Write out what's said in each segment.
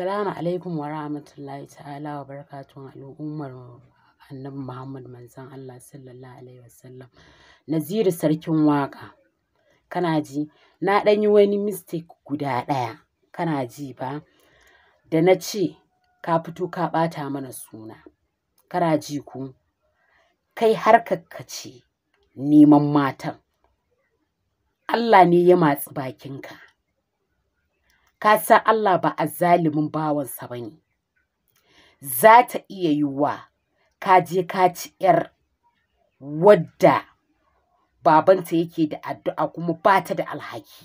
Assalamu alaikum wa rahmatullahi ta'ala wa barakatun al'ummar annabi Muhammad manzon Allah sallallahu alaihi wasallam. Naziru sarkin waka. Kana ji na dan yi wani mistake guda ɗaya. Kana ji ba da na ce ka fito ka ɓata mana suna. Kana ji ku kai har ce neman matan. Allah ne ya matsi bakinka. ka san Allah ba a zalimin bawansa ba ne za ta iya yiwuwa ka je ka ci ‘yar wadda babanta yake da addu'a kuma ba ta da alhaki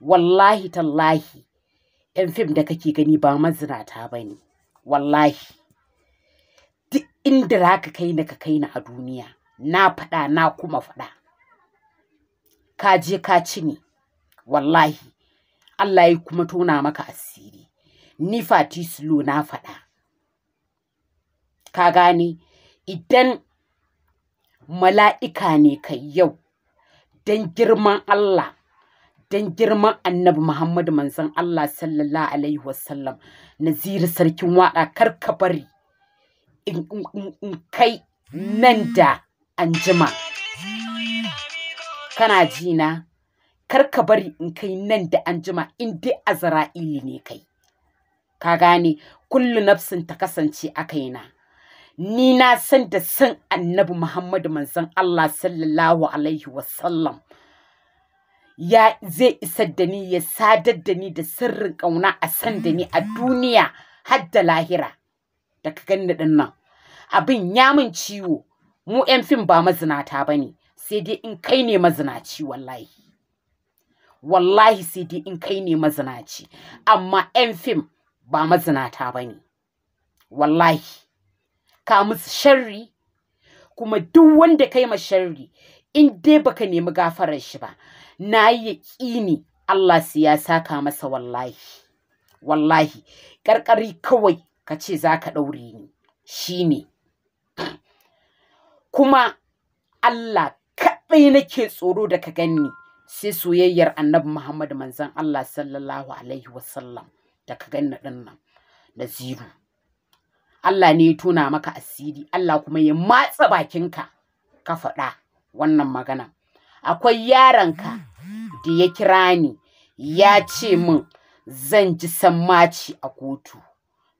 wallahi tallahi ‘yan fim da kake gani ba mazinata ba ne wallahi duk inda za ka kai na ka kai na a duniya na faɗa na kuma faɗa ka je ka ci ne wallahi Allah ya kuma tona maka asiri ni fati slow na faɗa ka gane idan mala'ika ne kai yau don girman Allah don girman annabi Muhammadu manzon Allah sallallahu alaihi wasallam naziri sarkin waɗa kar ka bari in kai nan da anjima kana ji na kar ka bari in kai nan da anjima in dai azra'ili ne kai ka gane kullu nafsin ta kasance a kaina ni na san da san annabi muhammadu manzon allah sallallahu alaihi wasallam ya zai isar da ni ya sadar da ni da sirrin kauna a san da ni a duniya har da lahira da ka ganni din nan abin ya min ciwo mu 'yan fim ba mazinata ba ne sai dai in kai ne mazinaci wallahi wallahi sai dai in kai ne mazinaci amma 'yan fim ba mazinata ba ne wallahi ka musu sharri kuma duk wanda kai ma sharri in dai baka nemi gafarar shi ba na yi yaƙini Allah sai ya saka masa wallahi wallahi ƙarƙari kawai ka ce za ka ɗaure ni shine kuma Allah kaɗai nake tsoro da ka ganni sai soyayyar annabi Muhammad manzon Allah sallallahu alaihi wasallam da ka ganna din nan da ziru Allah ne ya tona maka asiri Allah kuma ya matsa bakinka ka faɗa wannan magana akwai ka da ya kira ni ya ce min zan ji sammaci a kotu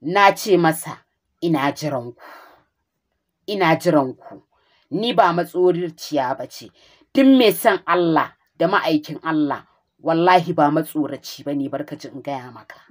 na ce masa ina jiranku ina jiran ku. ni ba matsoriciya ba ce tun mai san Allah da ma'aikin Allah wallahi ba matsoraci bane barka jin gaya maka